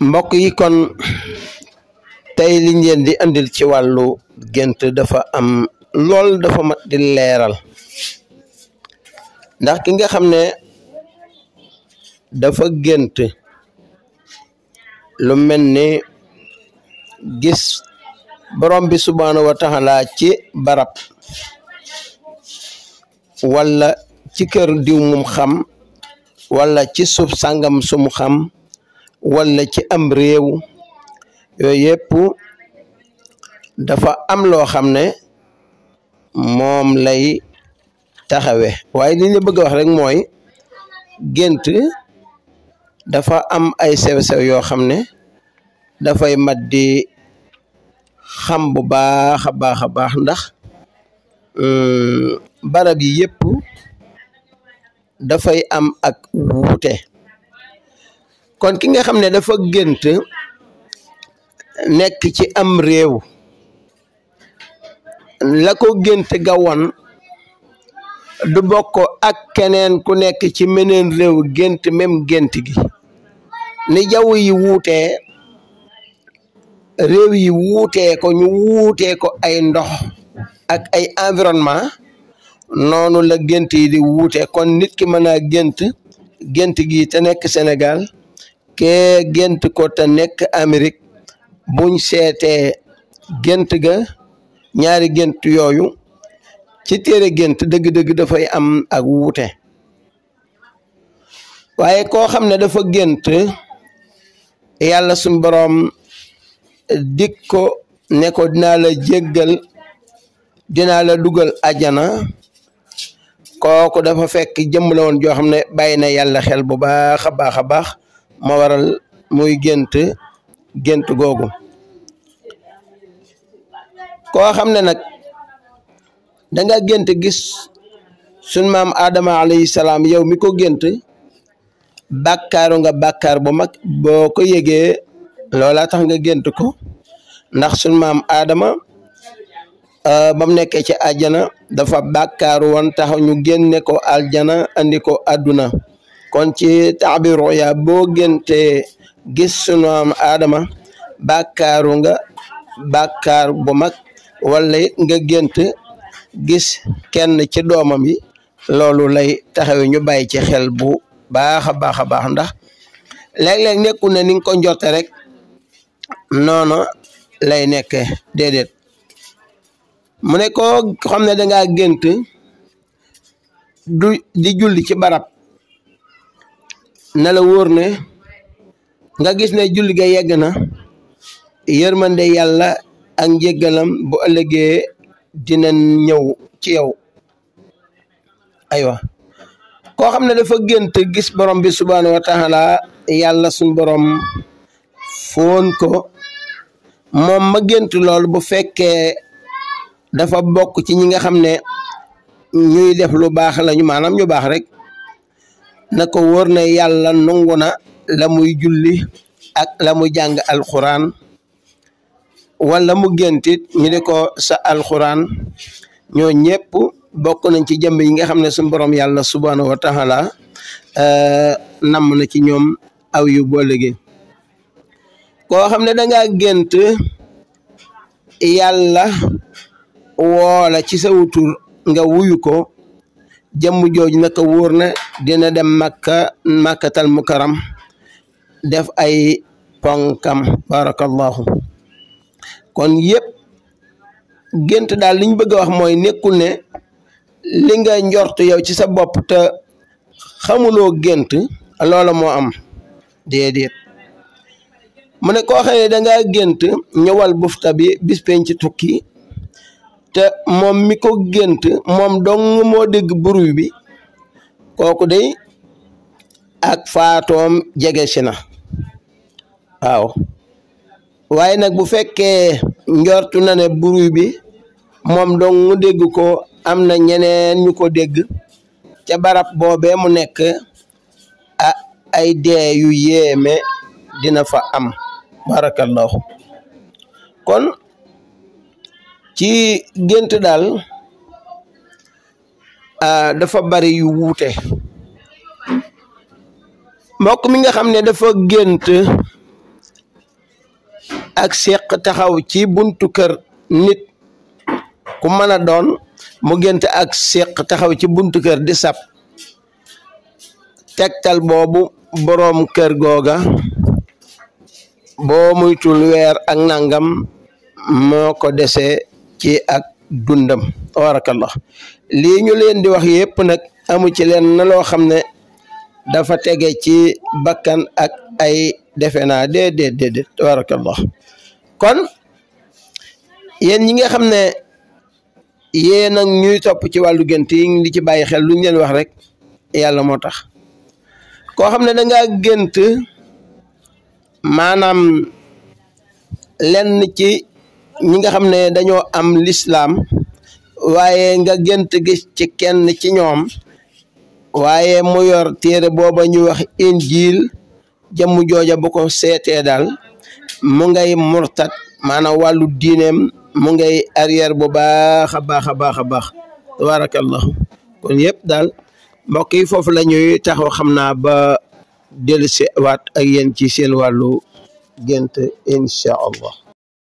mbokk yi kon tey li leen di andil ci wàllu gént dafa am lool dafa mat di leeral ndax ki nga xam ne dafa gént lu mel ni gis borom bi subhaanahu wa taala ci barab wala ci kër diw mum xam wala ci suuf sàngam sumu xam wala ci am réew yooyu yëpp dafa am loo xam ne moom lay taxawe waaye li ñu bëgg a wax rek mooy gént dafa am ay sew-sew yoo xam ne dafay mat di xam bu baax a baax a baax ndax hmm, barab yi yëpp dafay am ak wuute kon ki nga xam ne dafa gént nekk ci am réew la ko gént ga woon du bokk ak keneen ku nekk ci meneen réew gént même gént gi ni jaww yi wuutee réew yi wuutee ko ñu wuutee ko ay ndox ak ay environnement noonu la gént yi di wuutee kon nit ki mën a gént gént gi te nekk Sénégal kee gént ko te nekk Amérique buñ seetee gént ga ñaari gént yooyu ci téere gént dëgg-dëgg dafay am ak wuute waaye koo xam ne dafa gént yàlla suñ boroom dik ko ne ko dinaa la jéggal dinaa la dugal ajana kooku dafa fekk jëmm la woon joo xam ne bàyyi na yàlla xel bu baax a baax a baax ma waral muy gént gént googu koo xam ne nag danga gént gis sun maam Adama alayhi salaam yow mi ko gént bàkkaaru nga bàkkaar bu mag boo ko yëgee loola tax nga gént ko ndax sun maam Adama euh, ba mu nekkee ci àjjana dafa bàkkaaru woon tax ñu génne ko aljana andi ko àdduna kon ci taabir ruya boo gënte gis sunu am aadama bàkkaaru nga bàkkaar bu mag wala nga gént gis kenn ci doomam yi loolu lay taxawe ñu bàyyi ci xel bu baax a baax a baax ndax léeg-léeg nekku ne ni nga ko njorte rek noonu lay nekke déedéet mu ne koo xam ne dangaa gént du di julli ci barab nala la ne nga gis ne julli ga yegg na yërmande yàlla ak jegalam bu ëllëgee dina ñew ci yow aywa koo xam dafa gënte gis borom bi subhanahu wa taala yalla sun borom fon ko mom ma lool bu fekke dafa bok ci ñi nga xamne ne ñuy def lu baax lañu manam ñu baax rek na ko wóor ne yàlla nangu na la muy julli ak la mu jàng alxuraan wala mu géntit ñu di ko sa alxuraan ñoo ñëpp bokk nañ ci jëmb yi nga xam ne suñu borom yàlla subhaanahu wa taala euh, namm na ci ñoom aw boole gi koo xam ne da ngaa gént yàlla woola ci sa wutur nga wuyu ko jëmm jooju nag wóor na dina dem makka makkatal mukaram def ay ponkam barakallahu kon yëpp gént daal liñ bëgg a wax mooy nekkul ne linga nga njort yow ci sa bopp te xamuloo gént loola moo am déedéet mu ne koo xam ne dangaa gént ñëwal bufta bi bis penc te moom mi ko gént moom dong mo dégg bruit bi kooku day ak faatoom jege si na waaw nag bu fekkee njortu na ne bi moom dong mu dégg ko am na ñeneen ñu ko dégg ca barab boobee mu nekk ay dee yu yéeme dina fa am barakallahu kon ci gént daal dafa bari yu wuute mbokk mi nga xam ne dafa gént ak seq taxaw ci buntu kër nit ku mën a doon mu gént ak seq taxaw ci buntu kër di sab tegtal boobu boroom kër googa boo muytul weer ak nangam moo ko dese ci ak dundam tabarakallah lii ñu leen di wax yépp nag amu ci leen na loo xam ne dafa tege ci bakkan ak ay defe naa déedéet déedéet tabarakallah kon yéen ñi nga xam ne yéen nag ñuy topp ci wàllu gént yi di ci bàyyi xel lu ñu leen wax rek yàlla moo tax koo xam ne dangaa gént maanaam lenn ci ñi nga xam ne dañoo am lislaam waaye nga gënt gis ci kenn ci ñoom waaye mu yor téere booba ñuy wax injiil jëmm jooja bu ko seetee daal mu ngay murtat maanaam wàllu diineem mu ngay arrière bu baax a baax a baax a baax tabarakallahu kon yëpp daal mbokk yi foofu la ñuy taxaw xam naa ba dellu si waat ak yéen ci seen wàllu gént incha allah